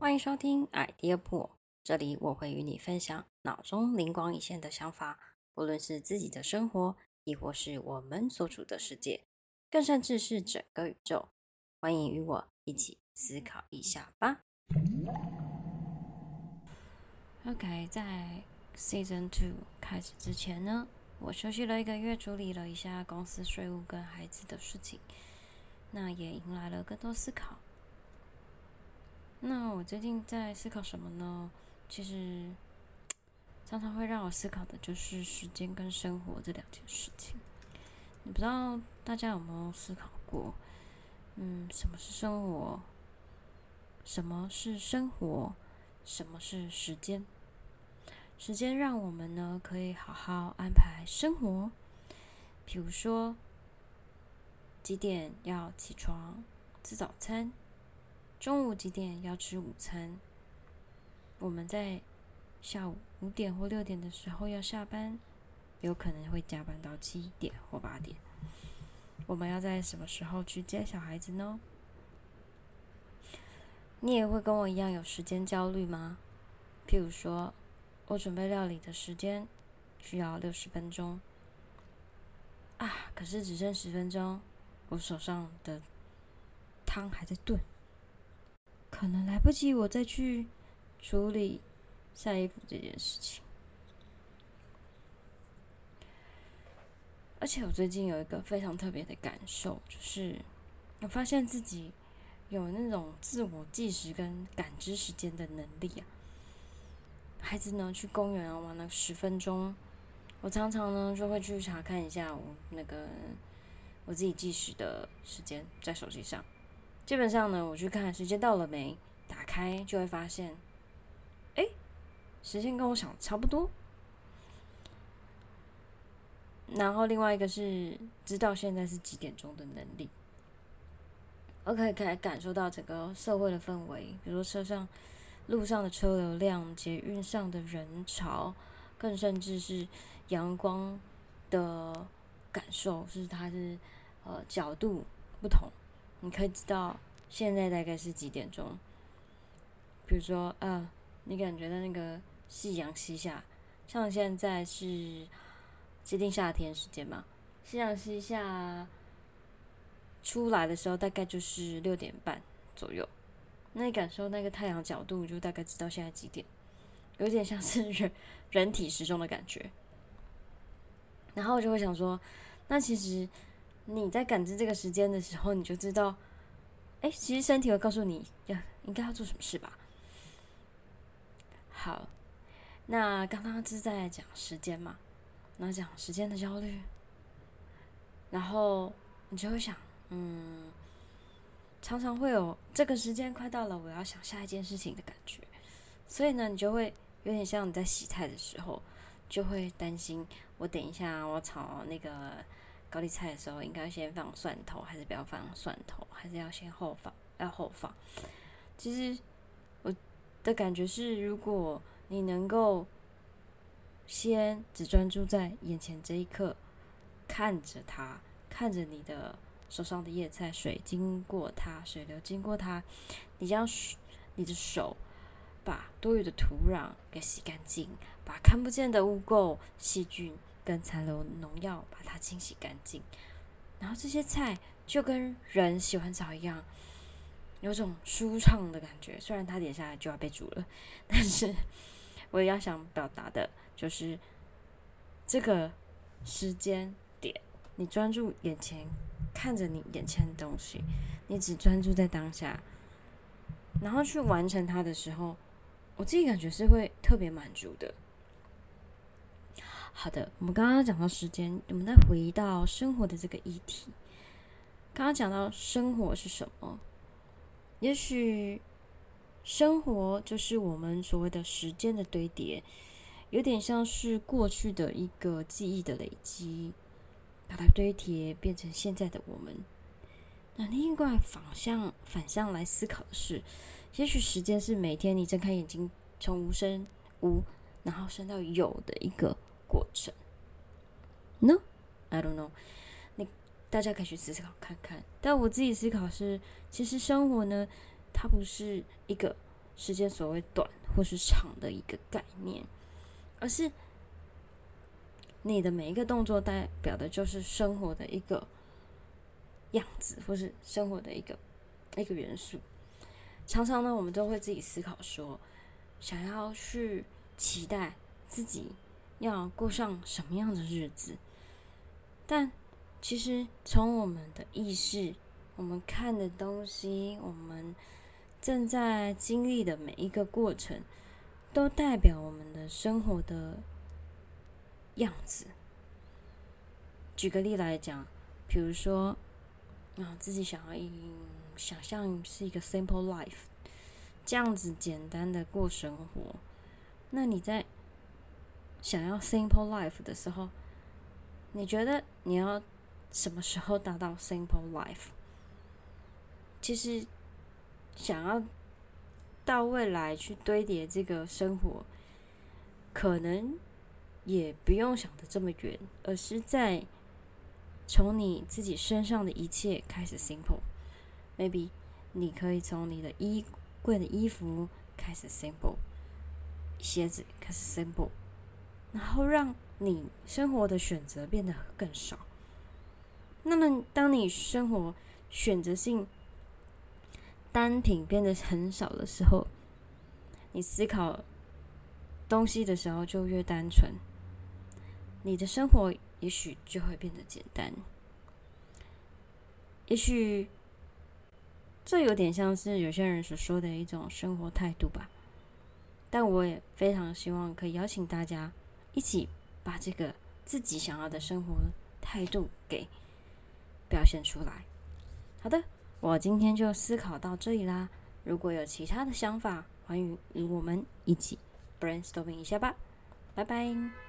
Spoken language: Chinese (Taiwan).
歡迎收聽《Idea Pool》，這裡我會與你分享腦中靈光一現的想法，不論是自己的生活，亦或是我們所處的世界，更甚至是整個宇宙。歡迎與我一起思考一下吧。OK，在 Season Two 開始之前呢，我休息了一個月，處理了一下公司稅務跟孩子的事情，那也迎來了更多思考。那我最近在思考什麼呢？其實常常會讓我思考的就是時間跟生活這兩件事情。你不知道大家有沒有思考過？嗯，什麼是生活？什麼是生活？什麼是時間？時間讓我們呢，可以好好安排生活。比如說，幾點要起床吃早餐。中午幾點要吃午餐？我們在下午五點或六點的時候要下班，有可能會加班到七點或八點。我們要在什麼時候去接小孩子呢？你也會跟我一樣有時間焦慮嗎？譬如說，我準備料理的時間需要六十分鐘。啊，可是只剩十分鐘，我手上的湯還在燉。可能來不及，我再去處理曬衣服這件事情。而且我最近有一個非常特別的感受，就是我發現自己有那種自我計時跟感知時間的能力啊。孩子呢，去公園啊玩了十分鐘，我常常呢就會去查看一下我那個我自己計時的時間在手機上。基本上呢，我去看時間到了沒，打開就會發現，哎、欸，時間跟我想的差不多。然後另外一個是知道現在是幾點鐘的能力。OK，可以感受到整個社會的氛圍，比如說車上、路上的車流量、捷運上的人潮，更甚至是陽光的感受，是它是呃角度不同。你可以知道現在大概是幾點鐘，比如說啊，你感覺在那個夕陽西下，像現在是接近夏天時間嘛，夕陽西下出來的時候，大概就是六點半左右。那你感受那個太陽角度，就大概知道現在幾點，有點像是人人體時鐘的感覺。然後我就會想說，那其實。你在感知這個時間的時候，你就知道，哎，其實身體會告訴你要應該要做什麼事吧。好，那剛剛是在講時間嘛，然後講時間的焦慮，然後你就會想，嗯，常常會有這個時間快到了，我要想下一件事情的感覺，所以呢，你就會有點像你在洗菜的時候，就會擔心，我等一下我炒那個。高麗菜的時候，應該先放蒜頭，還是不要放蒜頭？還是要先後放？要後放？其實我的感覺是，如果你能夠先只專注在眼前這一刻，看着它，看着你的手上的葉菜水經過它，水流經過它，你將水，你的手把多餘的土壤給洗乾淨，把看不見的污垢、細菌。跟殘留農藥，把它清洗乾淨，然後這些菜就跟人洗完澡一樣，有種舒暢的感覺。雖然它等一下就要被煮了，但是我也要想表達的就是，這個時間點，你專注眼前，看着你眼前的東西，你只專注在當下，然後去完成它的時候，我自己感覺是會特別滿足的。好的，我們剛剛講到時間，我們再回到生活的這個議題。剛剛講到生活是什麼？也許生活就是我們所謂的時間的堆疊，有點像是過去的一個記憶的累積，把它堆疊變成現在的我們。那另外反向反向來思考的是，也許時間是每天你睜開眼睛，從無聲無，然後升到有的一個過程呢，no？I don't know 你，你大家可以去思考看看。但我自己思考是，其實生活呢，它不是一個時間所謂短或是長的一個概念，而是你的每一個動作代表的就是生活的一個樣子，或是生活的一個一個元素。常常呢，我們都會自己思考說，想要去期待自己。要過上什麼樣的日子？但其實，從我們的意識、我們看的東西、我們正在經歷的每一個過程，都代表我們的生活的樣子。舉個例來講，比如說，啊，自己想要一想象是一個 simple life，這樣子簡單的過生活。那你在？想要 simple life 的時候，你覺得你要什麼時候達到 simple life？其實想要到未來去堆疊這個生活，可能也不用想得這麼遠，而是在從你自己身上的一切開始 simple。Maybe 你可以從你的衣櫃的衣服開始 simple，鞋子開始 simple。然後讓你生活的選擇變得更少。那麼，當你生活選擇性單品變得很少的時候，你思考東西的時候就越單純，你的生活也許就會變得簡單。也許這有點像是有些人所說的一種生活態度吧。但我也非常希望可以邀請大家。一起把這個自己想要的生活態度給表現出來。好的，我今天就思考到這裡啦。如果有其他的想法，歡迎與我們一起 brainstorming 一下吧。拜拜。